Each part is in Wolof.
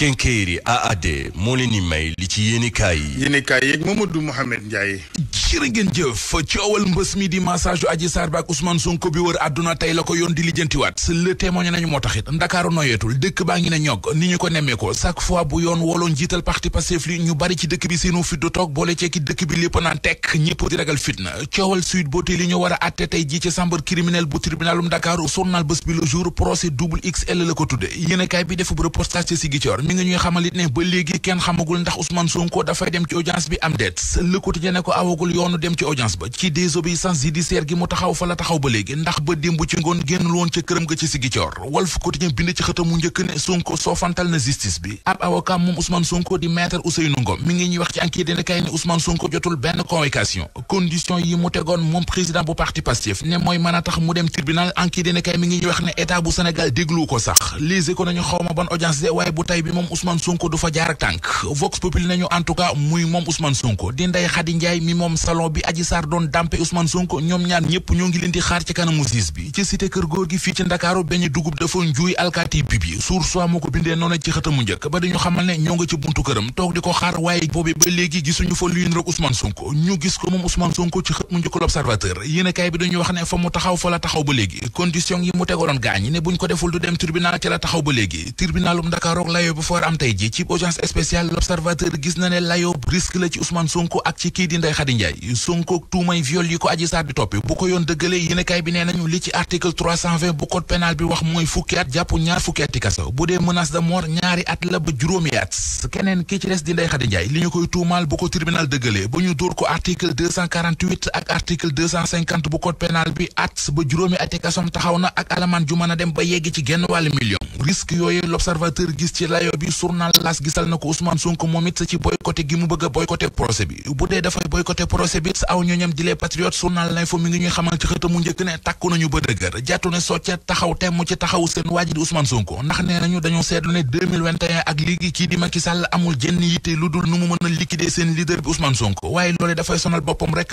Kenkeyri AAD moo leen di may li ci yéenekaay yi. Yéenekaay yeeg Mamadou Mouhamed Ndiaye. jërë ngeen jëf coowal mbës mi di massage Adji Sarr ak Ousmane Sonko bi wër àdduna tey la ko yoon di lijjantiwaat le témoigné nañu moo taxit Ndakaaru noyeetul dëkk baa ngi ne ñog ni ñu ko nemmee ko chaque fois bu yoon woloon jiital parti Pastef li ñu bari ci dëkk bi seenu fit du toog boole ceeki dëkk bi lépp naan tekk ñëpp di ragal fitna coowal suite boote li ñu war a atte mi ngi ñuy xamalit ne ba léegi kenn xamagul ndax Ousmane Sonko dafay dem ci audience bi am déet Le Quotidien ne ko awagul yoonu dem ci audience ba ci désobéissance judiciaire gi mu taxaw fa la taxaw ba léegi ndax ba démb ci ngoon génnul woon ca këram ga ci Sigicoor Walf Quotidien bind ci xëtamu njëkk ne Sonko soofantal na justice bi ab avocat moom Ousmane Sonko di maître Ousseynou Ngom mi ngi ñuy wax ci enquête dina kay ne Sonko jotul benn convocation ban moom Ousmane Sonko du jaar ak tànk Vox Populi nañu en tout cas muy moom Ousmane Sonko di Ndeye Khady Ndiaye mi moom salon bi Adji Sarr doon dàmpe Ousmane Sonko ñoom ñaar ñëpp ñoo ngi leen di xaar ci kanamu siis bi ci cité kër góor gi fii ci Ndakaaru benn dugub dafa njuuy alkaati bi bi suur soi moo ko bindee noonu ci xëtamu njëkk ba dañu xamal ne ñoo nga ci buntu këram toog di ko xaar waaye boobi ba léegi gisuñu fa luy rek Ousmane Sonko ñu gis ko moom Ousmane Sonko ci xët mu njëkk l'Observateur yéenekaay bi dañu wax ne fa mu taxaw fa taxaw ba léegi condition yi mu tegaloon gaañ ne buñ ko deful du dem tribunal ci la taxaw ba effort am tey ji ci audience spéciale l'observateur gis na ne layo risque la ci Ousmane Sonko ak ci kii di Ndeye Khady Ndiaye Sonko tuumay viol bi wax mooy fukki at jàpp ñaar fukki ati bu dee menace de mort ñaari at la ba juróomi at keneen ki ci des di Ndeye Khady Ndiaye li ñu koy tuumaal bu ko tribunal dëggalee bu ñu dóor ko article ak article bu code pénal bi at ba juróomi ati taxaw na ak alamaan ju dem ba yegg ci genn wàllu million risque dayo bi journal las gisal na ko Ousmane Sonko moom it ci boycotté gi mu bëgg a boycotté procès bi bu dee dafay boycotté procès bi sa aw ñooñam di les patriotes journal l'info mi ngi ñuy xamal ci xëta njëkk ne tàkku nañu ba dëgër jàttu ne socca taxaw temm ci taxaw seen waaji di Ousmane Sonko ndax nee nañu dañoo seetlu ne ak léegi kii di Macky Sall amul jenn yitte lu dul nu mu mën liquider seen leader bi Ousmane Sonko waaye loolee dafay sonal boppam rek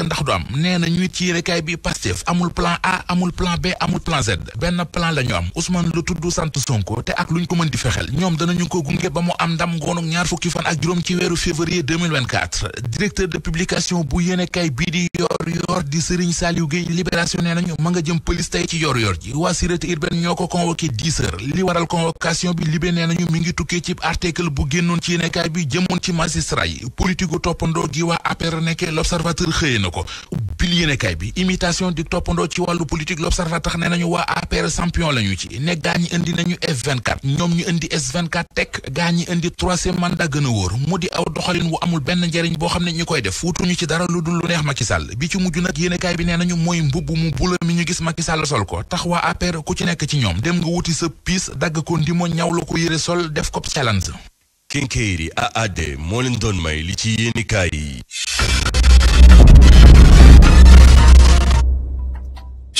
gunge ba mu am ndam ngoonu ñaar fukki fan ak juróom ci weeru février 2024 directeur de publication bu yéenekaay bii di yor yor di Serigne Saliou Gueye libération nee nañu ma nga jëm police tey ci yor yor ji waa sûreté urbaine ñoo ko convoqué 10 heures li waral convocation bi libé nee nañu mi ngi tukkee ci article bu génnoon ci yéenekaay bi jëmoon ci magistrat yi politique gu toppandoo gi waa APR nekkee l'observateur xëyee na ko ubbil yéenekaay bi imitation di toppandoo ci wàllu politique l'observateur tax ne nañu waa APR champion la ñu ci ne gaa ñi indi nañu F24 ñoom ñu indi S24 tek gaa ñi indi troisième mandat gën a wóor mu di aw doxalin wu amul benn njariñ boo xam ne ñu koy def fuutuñu ci dara lu dul lu neex Macky Sall bi ci mujj nag yéenekaay bi nee nañu mooy mbubb mu bula mi ñu gis Macky sol ko tax waa APR ku ci nekk ci ñoom dem nga wuti sa piis dagg ko ndimo ñaw la ko yére sol def ko challenge. Kinkeyri AAD moo leen doon may li ci yéenekaay yi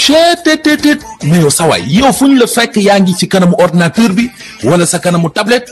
cttt mais yow sawaay yow fu la fekk yaa ngi ci kanamu ordinateur bi wala sa kanamu tablette